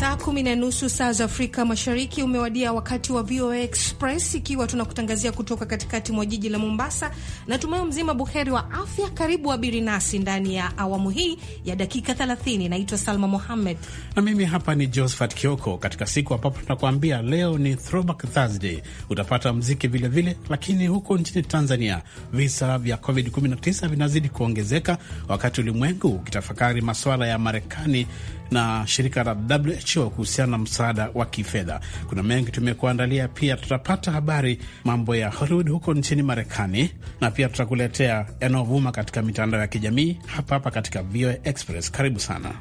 Saa kumi na nusu saa za Afrika Mashariki umewadia wakati wa VOA Express, ikiwa tunakutangazia kutoka katikati mwa jiji la Mombasa. Natumai mzima buheri wa afya. Karibu abiri nasi ndani ya awamu hii ya dakika 30. Naitwa Salma Mohamed na mimi hapa ni Josephat Kioko, katika siku ambapo tunakuambia leo ni Throwback Thursday. Utapata mziki vilevile vile, lakini huko nchini Tanzania visa vya COVID-19 vinazidi kuongezeka, wakati ulimwengu ukitafakari maswala ya Marekani na shirika la WHO kuhusiana na msaada wa kifedha. Kuna mengi tumekuandalia, pia tutapata habari mambo ya Hollywood huko nchini Marekani, na pia tutakuletea yanayovuma katika mitandao ya kijamii hapa hapa katika VOA Express. Karibu sana.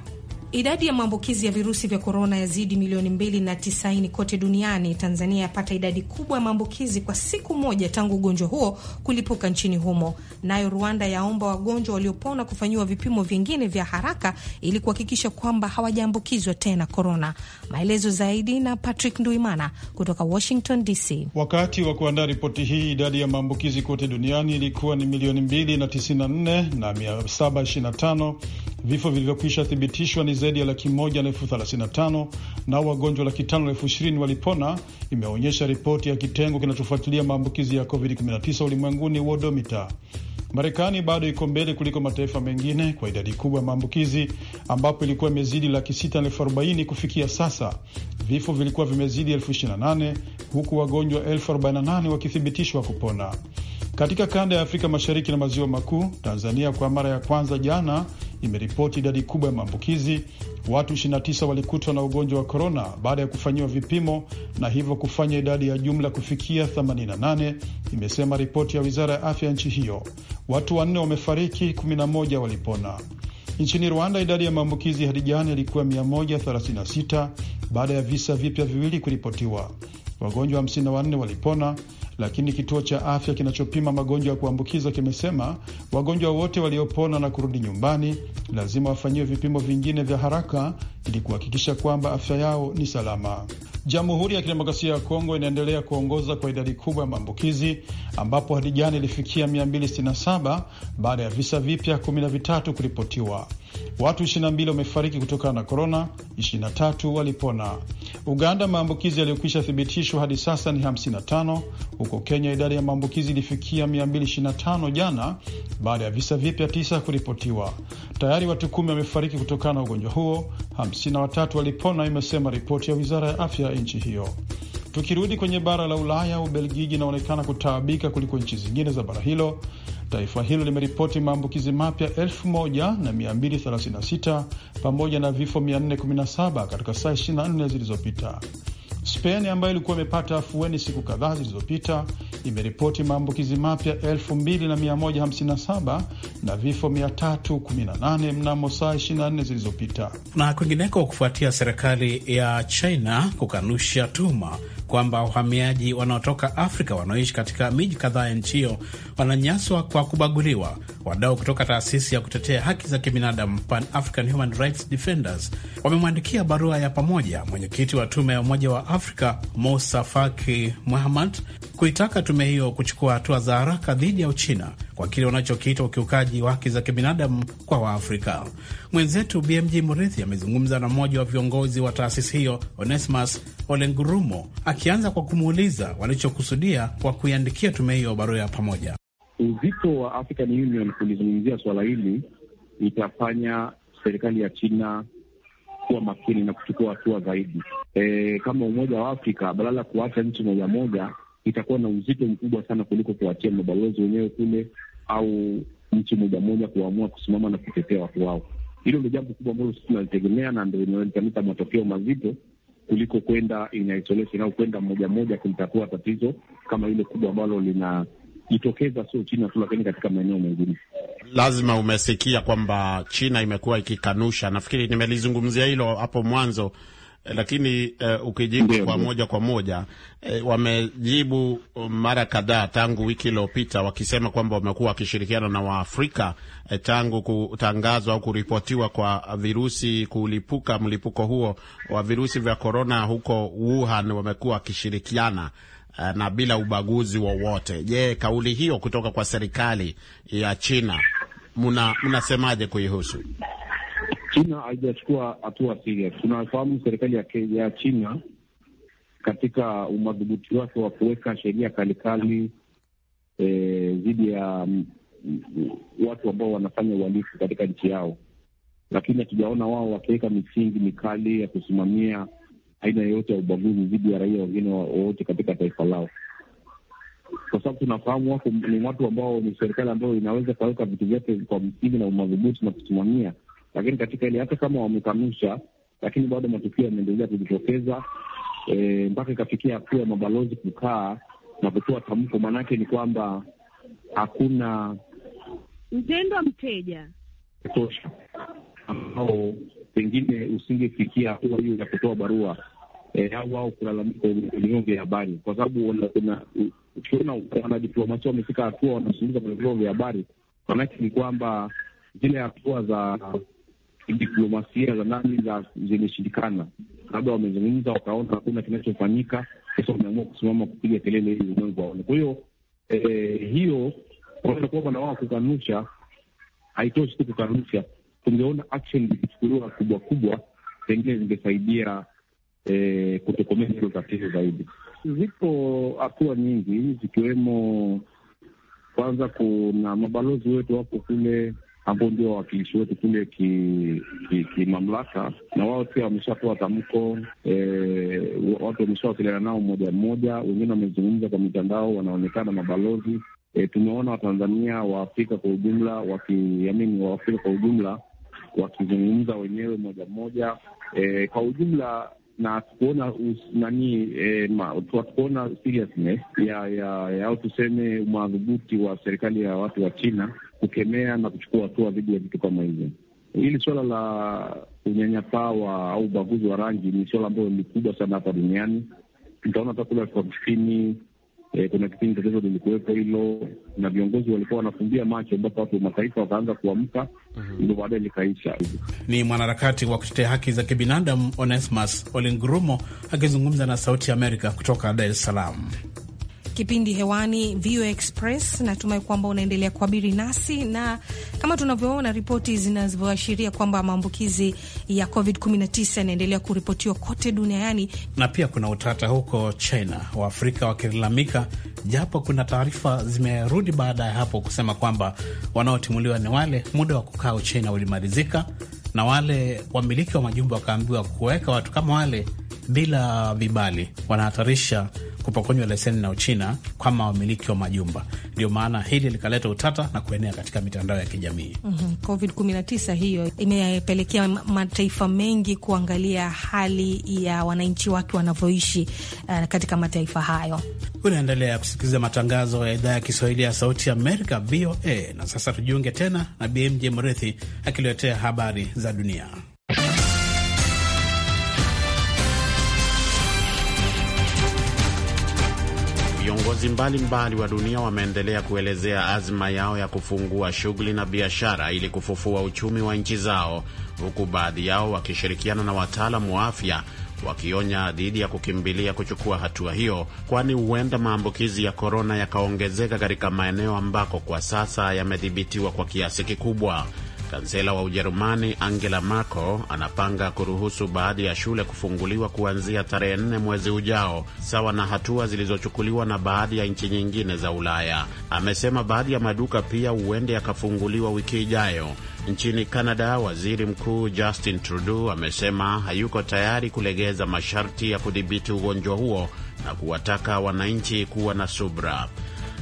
Idadi ya maambukizi ya virusi vya korona yazidi milioni mbili na tisaini kote duniani. Tanzania yapata idadi kubwa ya maambukizi kwa siku moja tangu ugonjwa huo kulipuka nchini humo. Nayo Rwanda yaomba wagonjwa waliopona kufanyiwa vipimo vingine vya haraka ili kuhakikisha kwamba hawajaambukizwa tena korona. Maelezo zaidi na Patrick Nduimana kutoka Washington DC. Wakati wa kuandaa ripoti hii, idadi ya maambukizi kote duniani ilikuwa ni milioni mbili na tisini na nne na mia saba ishirini na tano. Vifo vilivyokwisha thibitishwa ni zaidi ya laki moja na elfu thelathini na tano wagonjwa laki tano na elfu ishirini walipona, imeonyesha ripoti ya kitengo kinachofuatilia maambukizi ya COVID-19 ulimwenguni, Wodomita. Marekani bado iko mbele kuliko mataifa mengine kwa idadi kubwa ya maambukizi ambapo ilikuwa imezidi laki sita na elfu arobaini kufikia sasa. Vifo vilikuwa vimezidi elfu ishirini na nane huku wagonjwa elfu arobaini na nane wakithibitishwa kupona. Katika kanda ya Afrika Mashariki na Maziwa Makuu, Tanzania kwa mara ya kwanza jana imeripoti idadi kubwa ya maambukizi. Watu 29 walikutwa na ugonjwa wa korona baada ya kufanyiwa vipimo na hivyo kufanya idadi ya jumla kufikia 88, imesema ripoti ya wizara ya afya ya nchi hiyo. Watu wanne wamefariki, 11 walipona. Nchini Rwanda, idadi ya maambukizi hadi jana ilikuwa 136 baada ya visa vipya viwili kuripotiwa. Wagonjwa 54 walipona lakini kituo cha afya kinachopima magonjwa ya kuambukiza kimesema wagonjwa wote waliopona na kurudi nyumbani lazima wafanyiwe vipimo vingine vya haraka ili kuhakikisha kwamba afya yao ni salama. Jamhuri ya Kidemokrasia ya Kongo inaendelea kuongoza kwa idadi kubwa ya maambukizi ambapo hadi jana ilifikia 267 baada ya visa vipya 13 kuripotiwa. Watu 22 wamefariki kutokana na korona, 23 walipona. Uganda, maambukizi yaliyokwisha thibitishwa hadi sasa ni 55. Huko Kenya, idadi ya maambukizi ilifikia 225 jana baada ya visa vipya tisa kuripotiwa. Tayari watu kumi wamefariki kutokana na ugonjwa huo, 53 walipona, imesema ripoti ya wizara ya afya ya nchi hiyo. Tukirudi kwenye bara la Ulaya, Ubelgiji inaonekana kutaabika kuliko nchi zingine za bara hilo Taifa hilo limeripoti maambukizi mapya 1236 pamoja na vifo 417 katika saa 24 zilizopita. Spain ambayo ilikuwa imepata afueni siku kadhaa zilizopita imeripoti maambukizi mapya 2157 na, vifo 318 mnamo saa 24 zilizopita. Na kwingineko, kufuatia serikali ya China kukanusha tuma kwamba wahamiaji wanaotoka Afrika wanaoishi katika miji kadhaa ya nchi hiyo wananyaswa kwa kubaguliwa. Wadau kutoka taasisi ya kutetea haki za kibinadamu Pan African Human Rights Defenders wamemwandikia barua ya pamoja mwenyekiti wa tume ya Umoja wa Afrika Musa Faki Muhammad kuitaka tume hiyo kuchukua hatua za haraka dhidi ya Uchina kwa kile wanachokiita ukiukaji wa haki za kibinadamu kwa Waafrika. Mwenzetu bmg Murithi amezungumza na mmoja wa viongozi wa taasisi hiyo Onesimus Olengurumo, akianza kwa kumuuliza walichokusudia kwa kuiandikia tume hiyo barua ya pamoja. Uzito wa African Union kulizungumzia swala hili itafanya serikali ya China kuwa makini na kuchukua hatua zaidi. E, kama Umoja wa Afrika badala ya kuacha nchi moja moja itakuwa na uzito mkubwa sana kuliko kuwatia mabalozi wenyewe kule au nchi moja moja kuamua kusimama na kutetea watu wao. Hilo ndio jambo kubwa ambalo sisi tunalitegemea na ndio inaleta matokeo mazito kuliko kwenda in isolation au kwenda moja moja kulitatua tatizo kama ile kubwa ambalo lina kujitokeza sio China tu, lakini katika maeneo mengine. Lazima umesikia kwamba China imekuwa ikikanusha, nafikiri nimelizungumzia hilo hapo mwanzo eh, lakini uh, ukijibu kwa moja kwa moja eh, wamejibu mara kadhaa tangu wiki iliyopita wakisema kwamba wamekuwa wakishirikiana na Waafrika eh, tangu kutangazwa au kuripotiwa kwa virusi kulipuka mlipuko huo wa virusi vya korona huko Wuhan, wamekuwa wakishirikiana Eh, na bila ubaguzi wowote. Je, kauli hiyo kutoka kwa serikali ya China mnasemaje kuihusu? China haijachukua hatua serious. Tunafahamu serikali ya, ya China katika umadhubuti wake wa kuweka sheria kalikali eh, dhidi eh, ya m, mm, m, mm, watu ambao wanafanya uhalifu katika nchi yao, lakini hatujaona wao wakiweka misingi mikali ya kusimamia aina yoyote ya ubaguzi dhidi ya raia wengine wowote katika taifa lao, kwa sababu tunafahamu wako ni watu ambao ni serikali ambayo inaweza kuweka vitu vyake kwa msingi na madhubuti na kusimamia, lakini katika ile hata kama wamekanusha, lakini bado matukio yameendelea kujitokeza e, mpaka ikafikia hatua ya mabalozi kukaa na kutoa tamko. Maanake ni kwamba hakuna mpendwa mteja tosha ambao pengine usingefikia hatua hiyo ya kutoa barua e, au wao kulalamika vyombo vya habari, kwa sababu ukiona wanadiplomasia wamefika hatua wanazungumza kwenye vyombo vya habari, maanake ni kwamba zile hatua za diplomasia za nani za zimeshindikana, labda wamezungumza wakaona hakuna kinachofanyika, sasa wameamua kusimama kupiga kelele ili ulimwengu waone. Kwa hiyo eh, hiyo, kwamba na wao kukanusha, haitoshi tu kukanusha tungeona action zikichukuliwa kubwa kubwa, pengine zingesaidia e, eh, kutokomea hilo tatizo zaidi. Zipo hatua nyingi zikiwemo, kwanza, kuna mabalozi wetu wapo kule ambao ndio wawakilishi wetu kule kimamlaka ki, ki na wao pia wameshatoa tamko e, watu wameshawasiliana nao mmoja mmoja, wengine wamezungumza kwa mitandao, wanaonekana mabalozi e, tumeona Watanzania Waafrika kwa ujumla wakiamini Waafrika kwa ujumla wakizungumza wenyewe moja moja. E, kwa ujumla na tukuona nani hatukuona e, seriousness ya, ya, ya au tuseme madhubuti wa serikali ya watu wa China kukemea na kuchukua hatua dhidi ya vitu kama hivyo. Hili suala la unyanyapaa wa au ubaguzi wa rangi ni suala ambayo ni kubwa sana hapa duniani. Utaona hata kule Afrika Kusini E, kuna kipindi tatizo lilikuwepo hilo na viongozi walikuwa wanafumbia macho, ambapo watu wa mataifa wakaanza kuamka, mhm. ndio baadaye likaisha. Ni mwanaharakati wa kutetea haki za kibinadamu Onesmus olingrumo akizungumza na Sauti ya Amerika kutoka Dar es Salaam kipindi hewani VOA Express. Natumai kwamba unaendelea kuabiri nasi, na kama tunavyoona ripoti zinazoashiria kwamba maambukizi ya COVID-19 yanaendelea kuripotiwa kote duniani, na pia kuna utata huko China, Waafrika wakilalamika, japo kuna taarifa zimerudi baada ya hapo kusema kwamba wanaotimuliwa ni wale muda wa kukaa Uchina ulimalizika na wale wamiliki wa majumba wakaambiwa kuweka watu kama wale bila vibali wanahatarisha kupokonywa leseni na Uchina kama wamiliki wa majumba. Ndio maana hili likaleta utata na kuenea katika mitandao ya kijamii. mm -hmm. Covid 19 hiyo imepelekea mataifa mengi kuangalia hali ya wananchi wake wanavyoishi, uh, katika mataifa hayo. Unaendelea kusikiliza matangazo ya idhaa ya Kiswahili ya Sauti ya Amerika, VOA. Na sasa tujiunge tena na BMJ Mrethi akiletea habari za dunia. Viongozi mbalimbali wa dunia wameendelea kuelezea azma yao ya kufungua shughuli na biashara ili kufufua uchumi wa nchi zao, huku baadhi yao wakishirikiana na wataalamu wa afya wakionya dhidi ya kukimbilia kuchukua hatua hiyo, kwani huenda maambukizi ya korona yakaongezeka katika maeneo ambako kwa sasa yamedhibitiwa kwa kiasi kikubwa. Kansela wa Ujerumani Angela Merkel anapanga kuruhusu baadhi ya shule kufunguliwa kuanzia tarehe nne mwezi ujao, sawa na hatua zilizochukuliwa na baadhi ya nchi nyingine za Ulaya. Amesema baadhi ya maduka pia huende yakafunguliwa wiki ijayo. Nchini Kanada, waziri mkuu Justin Trudeau amesema hayuko tayari kulegeza masharti ya kudhibiti ugonjwa huo na kuwataka wananchi kuwa na subra.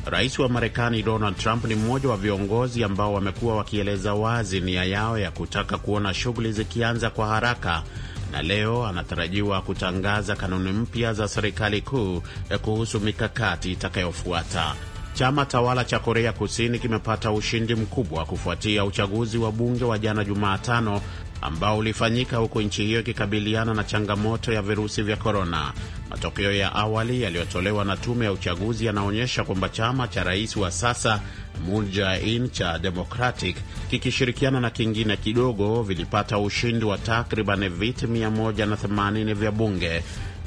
Rais wa Marekani Donald Trump ni mmoja wa viongozi ambao wamekuwa wakieleza wazi nia yao ya kutaka kuona shughuli zikianza kwa haraka na leo anatarajiwa kutangaza kanuni mpya za serikali kuu eh, kuhusu mikakati itakayofuata. Chama tawala cha Korea Kusini kimepata ushindi mkubwa kufuatia uchaguzi wa bunge wa jana Jumatano ambao ulifanyika huku nchi hiyo ikikabiliana na changamoto ya virusi vya korona. Matokeo ya awali yaliyotolewa na tume ya uchaguzi yanaonyesha kwamba chama cha rais wa sasa Moon Jae-in cha Democratic kikishirikiana na kingine kidogo vilipata ushindi wa takriban viti 180 vya bunge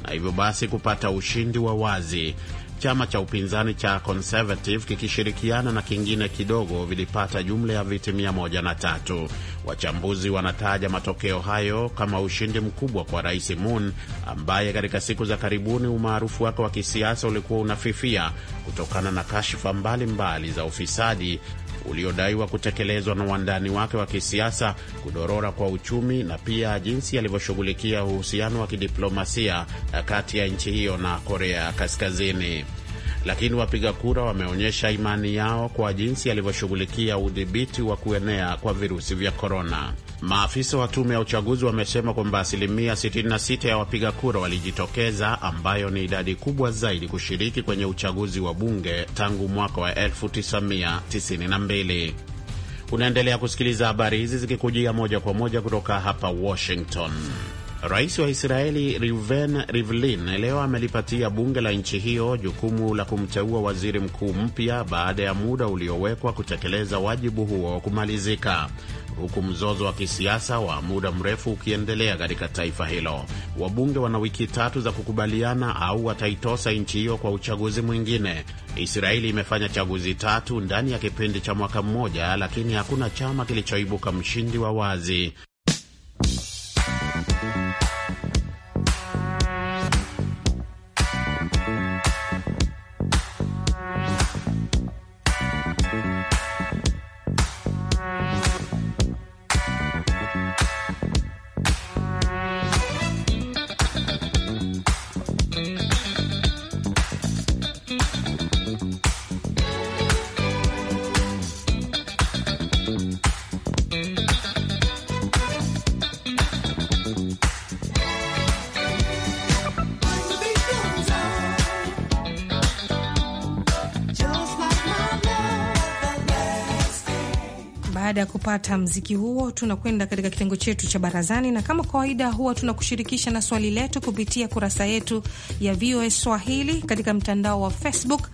na hivyo basi kupata ushindi wa wazi Chama cha upinzani cha Conservative kikishirikiana na kingine kidogo vilipata jumla ya viti mia moja na tatu. Wachambuzi wanataja matokeo hayo kama ushindi mkubwa kwa Rais Moon ambaye katika siku za karibuni umaarufu wake wa kisiasa ulikuwa unafifia kutokana na kashfa mbalimbali za ufisadi uliodaiwa kutekelezwa na wandani wake wa kisiasa, kudorora kwa uchumi na pia jinsi alivyoshughulikia uhusiano wa kidiplomasia kati ya nchi hiyo na Korea Kaskazini. Lakini wapiga kura wameonyesha imani yao kwa jinsi alivyoshughulikia udhibiti wa kuenea kwa virusi vya korona. Maafisa wa tume ya uchaguzi wamesema kwamba asilimia 66 ya wapiga kura walijitokeza, ambayo ni idadi kubwa zaidi kushiriki kwenye uchaguzi wa bunge tangu mwaka wa 1992. Unaendelea kusikiliza habari hizi zikikujia moja kwa moja kutoka hapa Washington. Rais wa Israeli Reuven Rivlin leo amelipatia bunge la nchi hiyo jukumu la kumteua waziri mkuu mpya baada ya muda uliowekwa kutekeleza wajibu huo kumalizika huku mzozo wa kisiasa wa muda mrefu ukiendelea katika taifa hilo. Wabunge wana wiki tatu za kukubaliana au wataitosa nchi hiyo kwa uchaguzi mwingine. Israeli imefanya chaguzi tatu ndani ya kipindi cha mwaka mmoja, lakini hakuna chama kilichoibuka mshindi wa wazi kupata mziki huo, tunakwenda katika kitengo chetu cha barazani, na kama kawaida huwa tunakushirikisha na swali letu kupitia kurasa yetu ya VOA Swahili katika mtandao wa Facebook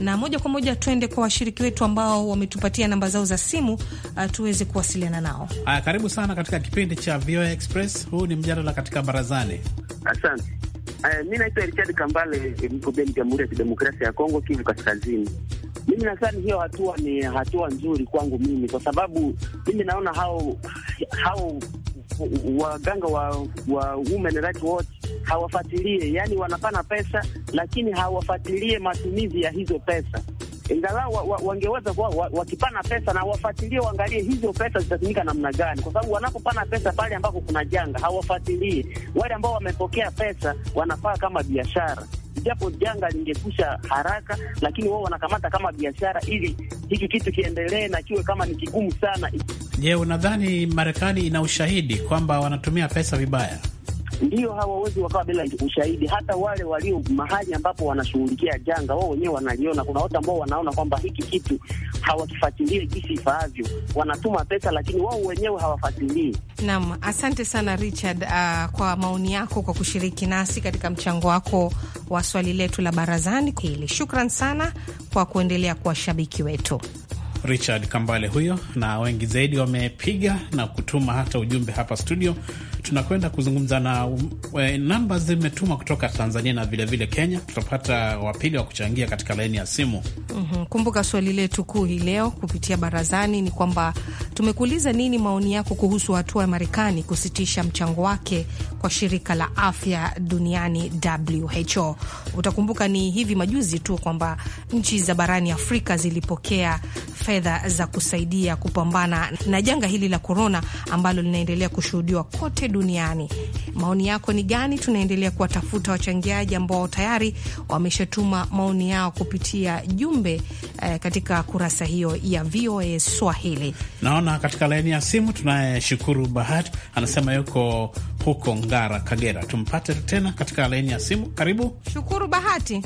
na moja kwa moja tuende kwa washiriki wetu ambao wametupatia namba zao za simu uh, tuweze kuwasiliana nao. Aya, karibu sana katika kipindi cha VOA Express. Huu ni mjadala katika barazani. Asante. Mi naitwa Richard Kambale, niko Beni, Jamhuri ya Kidemokrasia ya Kongo, Kivu Kaskazini. Mimi nadhani hiyo hatua ni hatua nzuri kwangu mimi, kwa sababu mimi naona hao hao waganga wa, wa women right watch hawafuatilie, yani wanapana pesa lakini hawafuatilie matumizi ya hizo pesa. Ingalau wa, wa, wangeweza kuwa wa, wakipana pesa na wafuatilie, waangalie hizo pesa zitatumika namna gani, kwa sababu wanapopana pesa pale ambako kuna janga hawafuatilie. Wale ambao wamepokea pesa wanafaa kama biashara japo janga lingekusha haraka, lakini wao wanakamata kama biashara, ili hiki kitu kiendelee na kiwe kama ni kigumu sana. Je, unadhani Marekani ina ushahidi kwamba wanatumia pesa vibaya? Ndio hawawezi wakawa bila ushahidi. Hata wale walio mahali ambapo wanashughulikia janga, wao wenyewe wanaliona. Kuna watu ambao wanaona kwamba hiki kitu hawakifuatilie jinsi ifaavyo, wanatuma pesa, lakini wao wenyewe hawafuatilii. Naam, asante sana Richard, uh, kwa maoni yako, kwa kushiriki nasi katika mchango wako wa swali letu la barazani hili. Shukran sana kwa kuendelea kuwa shabiki wetu. Richard Kambale huyo, na wengi zaidi wamepiga na kutuma hata ujumbe hapa studio. Tunakwenda kuzungumza na eh, namba zimetuma kutoka Tanzania na vilevile vile Kenya. Tutapata wapili wa kuchangia katika laini ya simu. mm -hmm. Kumbuka swali letu kuu hii leo kupitia barazani ni kwamba tumekuuliza nini maoni yako kuhusu hatua ya Marekani kusitisha mchango wake kwa shirika la afya duniani WHO. Utakumbuka ni hivi majuzi tu kwamba nchi za barani Afrika zilipokea fedha za kusaidia kupambana na janga hili la korona ambalo linaendelea kushuhudiwa kote duniani. Maoni yako ni gani? Tunaendelea kuwatafuta wachangiaji ambao tayari wameshatuma maoni yao kupitia jumbe eh, katika kurasa hiyo ya VOA Swahili. Naona katika laini ya simu tunayeshukuru Bahati anasema yuko huko Ngara, Kagera. Tumpate tena katika laini ya simu. Karibu Shukuru Bahati.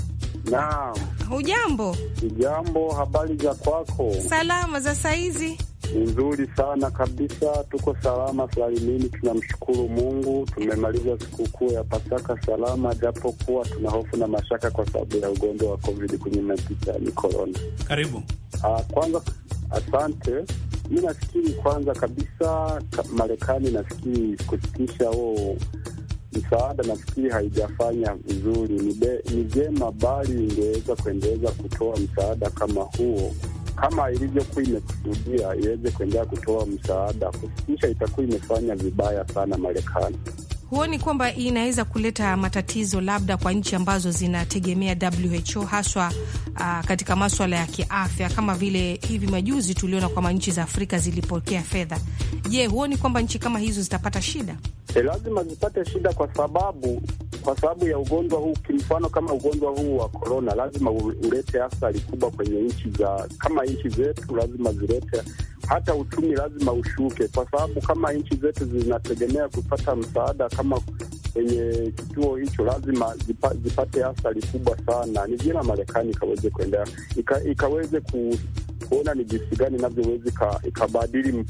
Naam. Hujambo? Hujambo, habari za kwako? Salama za saizi nzuri sana kabisa, tuko salama salimini, tunamshukuru Mungu. Tumemaliza sikukuu ya Pasaka salama, japokuwa tuna hofu na mashaka kwa sababu ya ugonjwa wa Covid 19, yaani korona. Karibu. Ah, kwanza asante. Mi nafikiri kwanza kabisa Marekani nafikiri kusitisha huo oh, misaada nafikiri haijafanya vizuri. Ni vyema bali ingeweza kuendeleza kutoa msaada kama huo kama ilivyokuwa imekusudia iweze kuendelea kutoa msaada, kufikisha itakuwa imefanya vibaya sana Marekani huoni kwamba inaweza kuleta matatizo labda kwa nchi ambazo zinategemea WHO haswa uh, katika maswala ya kiafya kama vile hivi majuzi tuliona kwamba nchi za Afrika zilipokea fedha. Je, huoni kwamba nchi kama hizo zitapata shida? E, lazima zipate shida kwa sababu kwa sababu ya ugonjwa huu. Kimfano, kama ugonjwa huu wa korona lazima ulete athari kubwa kwenye nchi za kama nchi zetu, lazima zilete hata uchumi lazima ushuke, kwa sababu kama nchi zetu zinategemea kupata msaada kama kwenye kituo hicho, lazima zipa, zipate athari kubwa sana. Ni vyema Marekani ikaweze kuendea ika, ikaweze ku kuona ni jinsi gani inavyoweza ikabadili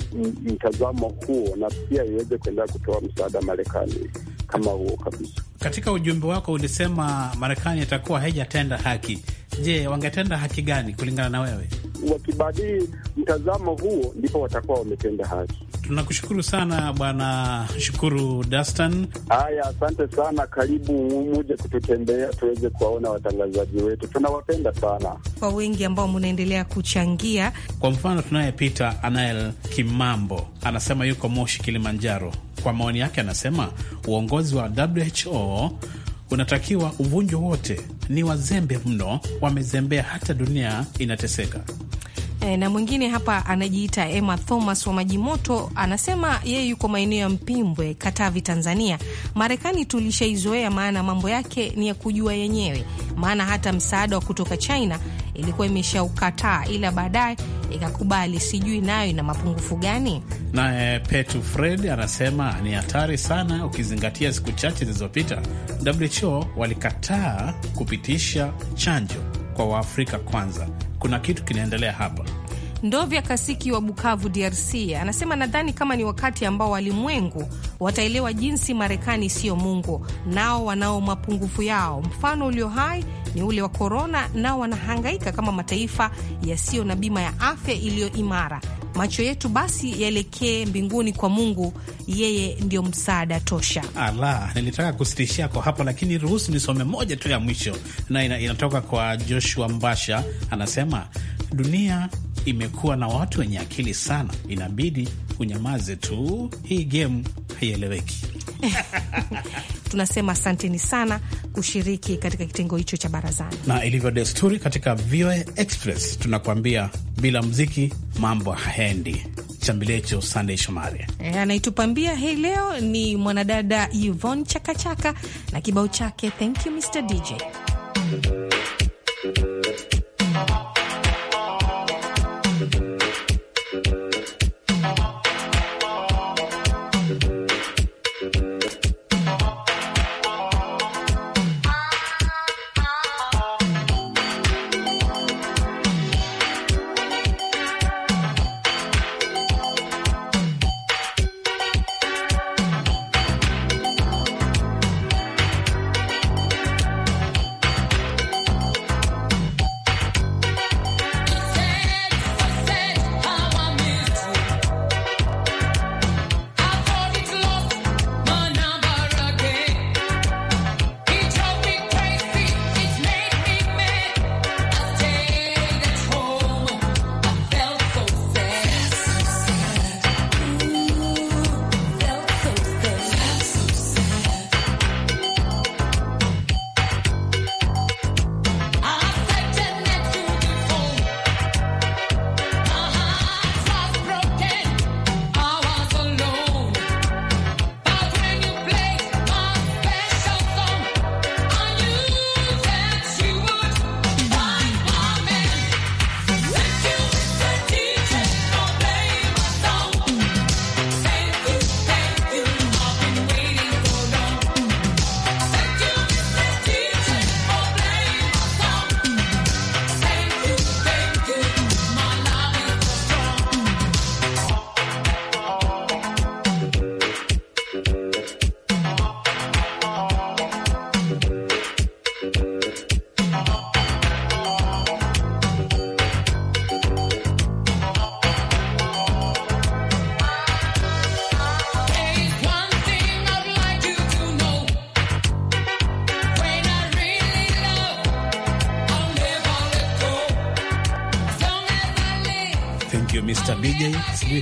mtazamo huo na pia iweze kuendelea kutoa msaada Marekani kama huo kabisa. Katika ujumbe wako ulisema Marekani itakuwa haijatenda haki. Je, wangetenda haki gani kulingana na wewe? wakibadili mtazamo huo, ndipo watakuwa wametenda haki. Tunakushukuru sana Bwana Shukuru Dastan. Haya, asante sana, karibu muje kututembea tuweze kuwaona watangazaji wetu, tunawapenda sana kwa wengi ambao mnaendelea kuchangia. Kwa mfano tunaye Peter Anael Kimambo, anasema yuko Moshi, Kilimanjaro. Kwa maoni yake, anasema uongozi wa WHO unatakiwa uvunjwe wote. Ni wazembe mno, wamezembea hata dunia inateseka. E, na mwingine hapa anajiita Emma Thomas wa Majimoto, anasema yeye yuko maeneo ya Mpimbwe, Katavi, Tanzania. Marekani tulishaizoea, maana mambo yake ni ya kujua yenyewe, maana hata msaada wa kutoka China ilikuwa imeshaukataa, ila baadaye ikakubali. Sijui nayo ina mapungufu gani? Naye Petu Fred anasema ni hatari sana, ukizingatia siku chache zilizopita WHO walikataa kupitisha chanjo kwa Waafrika kwanza. Kuna kitu kinaendelea hapa. Ndovya Kasiki wa Bukavu, DRC, anasema nadhani kama ni wakati ambao walimwengu wataelewa jinsi Marekani sio Mungu, nao wanao mapungufu yao. Mfano ulio hai ni ule wa korona, nao wanahangaika kama mataifa yasiyo na bima ya afya iliyo imara. Macho yetu basi yaelekee mbinguni kwa Mungu, yeye ndio msaada tosha. Ala, nilitaka kusitishia kwa hapo, lakini ruhusu nisome moja tu ya mwisho na inatoka kwa Joshua Mbasha, anasema dunia imekuwa na watu wenye akili sana, inabidi unyamaze tu, hii gemu haieleweki. Tunasema asanteni sana kushiriki katika kitengo hicho cha barazani, na ilivyo desturi katika VOA Express tunakuambia bila mziki mambo haendi. Chambilecho sandey Shomari e, anaitupambia hii leo ni mwanadada Yvonne Chakachaka na kibao chake Thank you Mr DJ.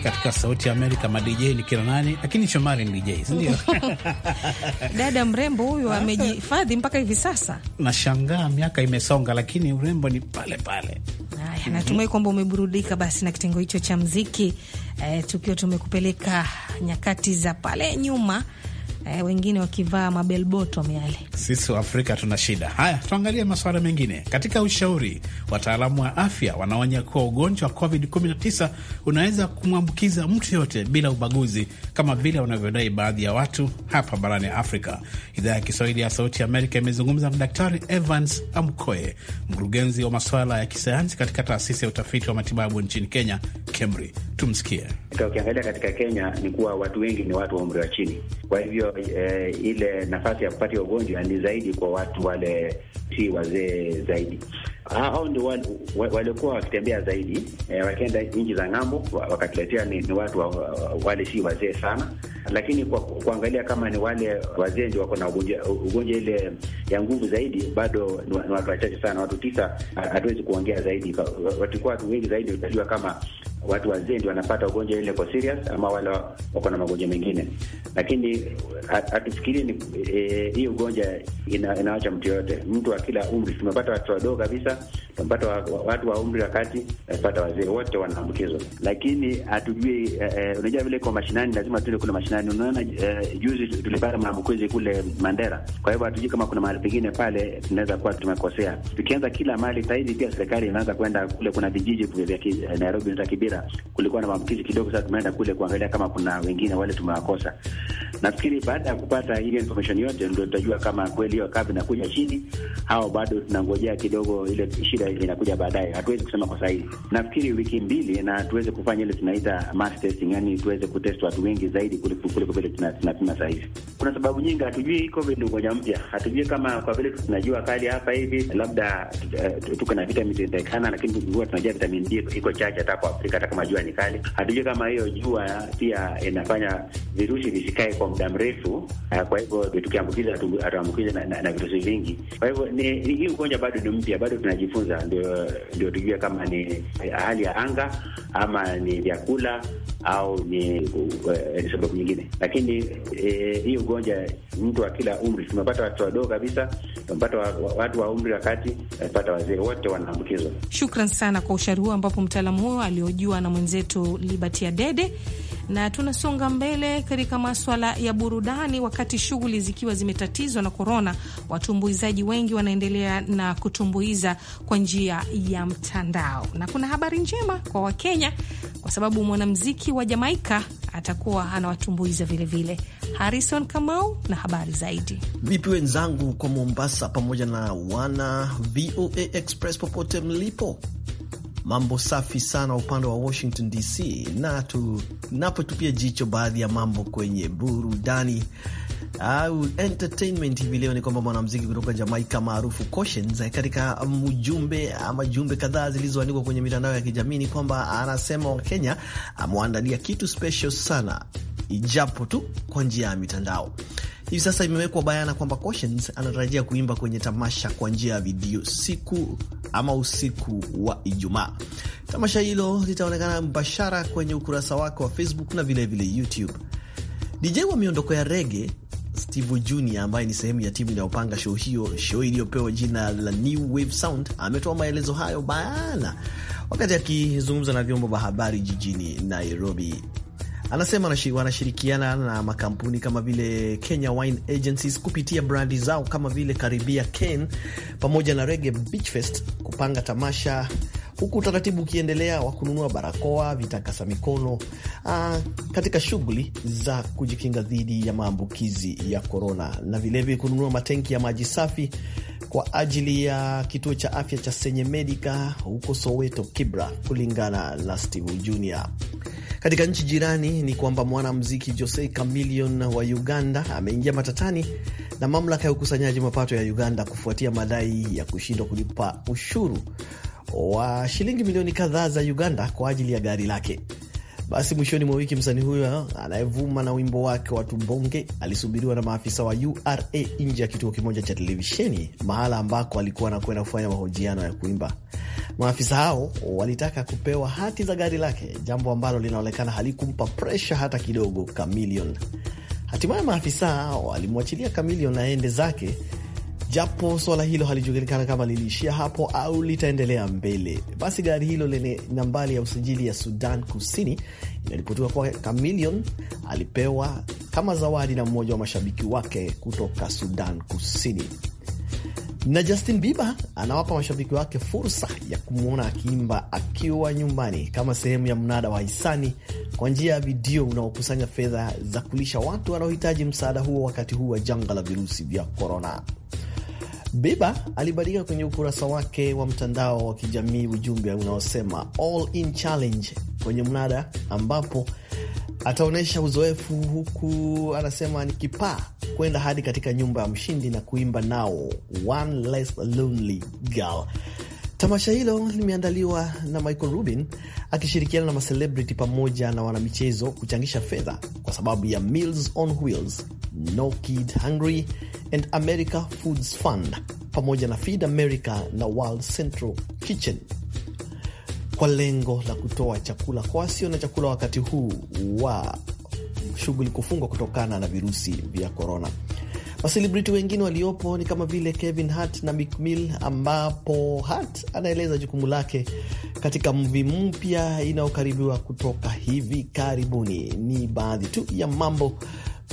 katika Sauti ya Amerika madj ni kila nani, lakini Shomari ni DJ, sindio? Dada mrembo huyu amejihifadhi mpaka hivi sasa. Nashangaa miaka imesonga, lakini urembo ni pale pale. aya natumai kwamba umeburudika basi na kitengo hicho cha mziki eh, tukiwa tumekupeleka nyakati za pale nyuma eh, wengine wakivaa mabelbottom yale. Sisi wa Afrika tuna shida. Haya, tuangalie masuala mengine. Katika ushauri, wataalamu wa afya wanaonya kuwa ugonjwa wa COVID-19 unaweza kumwambukiza mtu yote bila ubaguzi, kama vile wanavyodai baadhi ya watu hapa barani Afrika. Idhaa ya Kiswahili ya Sauti ya Amerika imezungumza na Daktari Evans Amkoe, mkurugenzi wa masuala ya kisayansi katika taasisi ya utafiti wa matibabu nchini Kenya, KEMRI. Tumsikie. Ukiangalia katika Kenya ni kuwa watu wengi ni watu wa umri wa chini, kwa hivyo eh, ile nafasi ya kupata ugonjwa ni zaidi kwa watu wale si wazee zaidi. Ah, hao ndio walikuwa wakitembea zaidi eh, wakienda nchi za ng'ambo, wakatuletea ni, ni watu wa, wale si wazee sana, lakini kwa kuangalia kama ni wale wazee ndio wako na ugonjwa ile ya nguvu zaidi, bado ni watu wachache sana, watu tisa. Hatuwezi kuongea zaidi, watukuwa watu wengi zaidi, utajua kama watu wazee ndio wanapata ugonjwa ile kwa serious, ama wale wako na magonjwa mengine, lakini hatufikiri e, hii e, ugonjwa ina, inawacha mtu yoyote, mtu wa kila umri. Tumepata watu wadogo kabisa, tumepata watu wa umri wa kati, tumepata wazee, wote wanaambukizwa, lakini hatujui e, e, unajua vile kwa mashinani, lazima tuende kule mashinani. Unaona e, juzi tulipata maambukizi kule Mandera, kwa hivyo hatujui kama kuna mahali pengine pale tunaweza kuwa tumekosea. Tukianza kila mahali, sasa pia serikali inaanza kwenda kule, kuna vijiji vya Nairobi na Kibera Uvira kulikuwa na maambukizi kidogo. Sasa tumeenda kule kuangalia kama kuna wengine wale tumewakosa. Nafikiri baada ya kupata ile information yote, ndio tutajua kama kweli hiyo kavu inakuja chini au bado tunangojea kidogo, ile shida ile inakuja baadaye. Hatuwezi kusema kwa sahihi, nafikiri wiki mbili, na tuweze kufanya ile tunaita mass testing, yani tuweze kutest watu wengi zaidi kuliko kuliko vile tunapima saa hizi. Kuna sababu nyingi, hatujui COVID ni ugonjwa mpya, hatujui kama kwa vile tunajua kali hapa hivi, labda eh, tuko na vitamin D inatakikana, lakini tunajua vitamin D iko chache hata kwa Afrika hata kama jua ni kali. Hatujui kama hiyo jua pia inafanya virusi visikae kwa muda mrefu, eh, kwa hivyo tukiambukiza tuambukiza na, na, na virusi vingi. Kwa hivyo hii ugonjwa bado ni mpya, bado tunajifunza, ndio ndio tujue kama ni eh, hali ya anga ama ni vyakula au ni uh, sababu nyingine. Lakini e, hii ugonjwa mtu wa kila umri, tumepata watoto wadogo kabisa, tumepata watu wa umri wa kati, tumepata wazee, wote wanaambukizwa. Shukran sana kwa ushauri huo, ambapo mtaalamu huyo aliojua akiwa na mwenzetu Liberty Dede na tunasonga mbele katika maswala ya burudani. Wakati shughuli zikiwa zimetatizwa na korona, watumbuizaji wengi wanaendelea na kutumbuiza kwa njia ya mtandao, na kuna habari njema kwa Wakenya kwa sababu mwanamuziki wa Jamaika atakuwa anawatumbuiza vilevile. Harrison Kamau na habari zaidi. Vipi wenzangu kwa Mombasa pamoja na wana VOA Express popote mlipo, Mambo safi sana upande wa Washington DC, na tunapotupia jicho baadhi ya mambo kwenye burudani au entertainment hivi leo ni kwamba mwanamuziki kutoka Jamaika maarufu Cautions, katika mjumbe ama jumbe kadhaa zilizoandikwa kwenye mitandao ya kijamii ni kwamba anasema Wakenya amewandalia kitu special sana, ijapo tu kwa njia ya mitandao. Hivi sasa imewekwa bayana kwamba anatarajia kuimba kwenye tamasha kwa njia ya video siku ama usiku wa Ijumaa. Tamasha hilo litaonekana mbashara kwenye ukurasa wake wa Facebook na vilevile vile YouTube. DJ wa miondoko ya rege Steve Junior ambaye ni sehemu ya timu inayopanga show hiyo, show iliyopewa jina la New Wave Sound, ametoa maelezo hayo bayana wakati akizungumza na vyombo vya habari jijini Nairobi. Anasema wanashirikiana na makampuni kama vile Kenya Wine Agencies kupitia brandi zao kama vile Karibia Ken pamoja na Reggae Beach Fest kupanga tamasha huku utaratibu ukiendelea wa kununua barakoa, vitakasa mikono aa, ah, katika shughuli za kujikinga dhidi ya maambukizi ya korona, na vilevile kununua matenki ya maji safi kwa ajili ya kituo cha afya cha Senye Medica huko Soweto Kibra, kulingana na Steve jr Katika nchi jirani ni kwamba mwanamuziki Jose Chameleon wa Uganda ameingia matatani na mamlaka ya ukusanyaji mapato ya Uganda kufuatia madai ya kushindwa kulipa ushuru wa shilingi milioni kadhaa za Uganda kwa ajili ya gari lake. Basi mwishoni mwa wiki msanii huyo eh, anayevuma na wimbo wake wa Tumbonge alisubiriwa na maafisa wa URA nje ya kituo kimoja cha televisheni, mahala ambako alikuwa anakwenda kufanya mahojiano ya kuimba. Maafisa hao walitaka kupewa hati za gari lake, jambo ambalo linaonekana halikumpa presha hata kidogo Chameleone. Hatimaye maafisa walimwachilia Chameleone aende zake japo swala hilo halijulikana kama liliishia hapo au litaendelea mbele. Basi gari hilo lenye nambari ya usajili ya Sudan Kusini inaripotiwa kuwa Chameleone alipewa kama zawadi na mmoja wa mashabiki wake kutoka Sudan Kusini. Na Justin Bieber anawapa mashabiki wake fursa ya kumwona akiimba akiwa nyumbani kama sehemu ya mnada wa hisani kwa njia ya video unaokusanya fedha za kulisha watu wanaohitaji msaada huo wakati huu wa janga la virusi vya korona biba alibadilika kwenye ukurasa wake wa mtandao wa kijamii ujumbe unaosema all in challenge kwenye mnada, ambapo ataonyesha uzoefu huku anasema ni kipaa kwenda hadi katika nyumba ya mshindi na kuimba nao one less lonely girl. Tamasha hilo limeandaliwa na Michael Rubin akishirikiana na macelebrity pamoja na wanamichezo kuchangisha fedha kwa sababu ya Meals on Wheels, No Kid Hungry and America Foods Fund pamoja na Feed America na World Central Kitchen kwa lengo la kutoa chakula kwa wasio na chakula wakati huu wa shughuli kufungwa kutokana na virusi vya korona. Waselebriti wengine waliopo ni kama vile Kevin Hart na Meek Mill, ambapo Hart anaeleza jukumu lake katika mvi mpya inayokaribiwa kutoka hivi karibuni. Ni baadhi tu ya mambo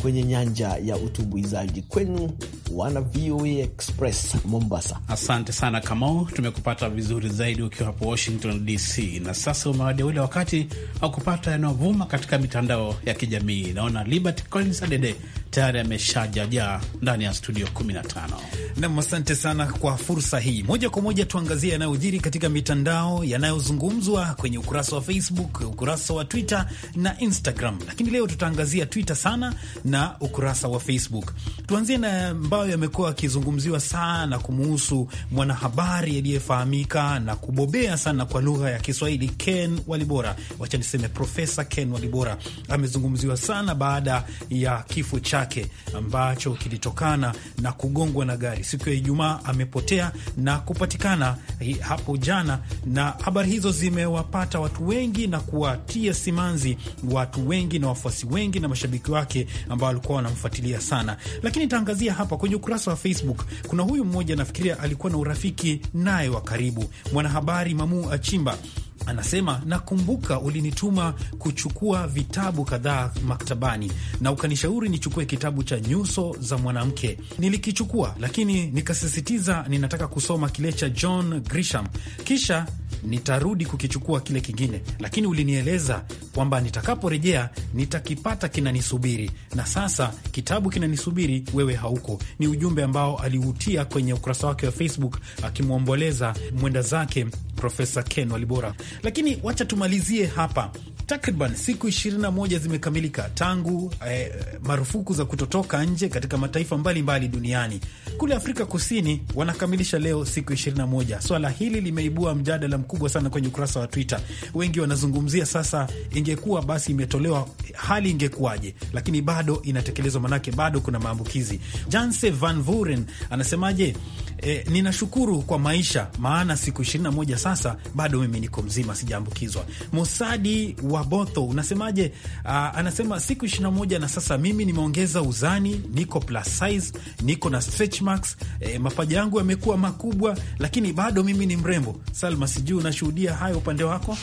kwenye nyanja ya utumbuizaji kwenu wana VOA Express Mombasa. Asante sana Kamau, tumekupata vizuri zaidi ukiwa hapo Washington DC. Na sasa umewadia ule wakati wa kupata yanayovuma katika mitandao ya kijamii. Naona Liberty Collins Adede tayari ameshajajaa ndani ya studio 15. Nam, asante sana kwa fursa hii. Moja kwa moja tuangazie yanayojiri katika mitandao yanayozungumzwa kwenye ukurasa wa Facebook, ukurasa wa Twitter na Instagram, lakini leo tutaangazia Twitter sana na ukurasa wa Facebook. Tuanzie na ambayo yamekuwa yakizungumziwa sana kumuhusu mwanahabari aliyefahamika na kubobea sana kwa lugha ya Kiswahili Ken Walibora, wacha niseme Profesa Ken Walibora amezungumziwa sana baada ya kifo chake ambacho kilitokana na kugongwa na gari siku ya Ijumaa. Amepotea na kupatikana hapo jana, na habari hizo zimewapata watu wengi na kuwatia simanzi watu wengi na wafuasi wengi na mashabiki wake ambao walikuwa wanamfuatilia sana, lakini taangazia hapa kwenye ukurasa wa Facebook kuna huyu mmoja, nafikiria alikuwa na urafiki naye wa karibu, mwanahabari Mamu Achimba Anasema nakumbuka ulinituma kuchukua vitabu kadhaa maktabani na ukanishauri nichukue kitabu cha Nyuso za Mwanamke. Nilikichukua, lakini nikasisitiza ninataka kusoma kile cha John Grisham, kisha nitarudi kukichukua kile kingine, lakini ulinieleza kwamba nitakaporejea nitakipata kinanisubiri, na sasa kitabu kinanisubiri, wewe hauko. Ni ujumbe ambao aliutia kwenye ukurasa wake wa Facebook akimwomboleza mwenda zake Profesa Ken Walibora. Lakini wacha tumalizie hapa Takriban siku 21 zimekamilika tangu eh, marufuku za kutotoka nje katika mataifa mbalimbali mbali duniani. Kule Afrika Kusini wanakamilisha leo siku 21. Swala hili limeibua mjadala mkubwa sana kwenye ukurasa wa Twitter. Wengi wanazungumzia sasa, ingekuwa basi imetolewa, hali ingekuwaje? Lakini bado inatekelezwa, manake bado kuna maambukizi. Janse Van Vuren anasemaje? E, ninashukuru kwa maisha, maana siku 21 sasa bado mimi niko mzima, sijaambukizwa. Mosadi wa Mabotho unasemaje? Uh, anasema siku 21 na sasa mimi nimeongeza uzani, niko plus size, niko na stretch marks eh, mapaja yangu yamekuwa makubwa, lakini bado mimi ni mrembo. Salma, sijui unashuhudia hayo upande wako?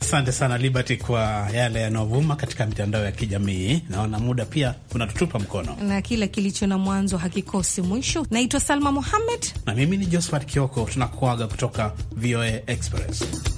Asante sana Liberty kwa yale yanayovuma katika mitandao ya kijamii. Naona muda pia unatutupa mkono, na kila kilicho na mwanzo hakikosi mwisho. Naitwa Salma Mohamed na mimi ni Josphat Kioko, tunakuaga kutoka VOA Express.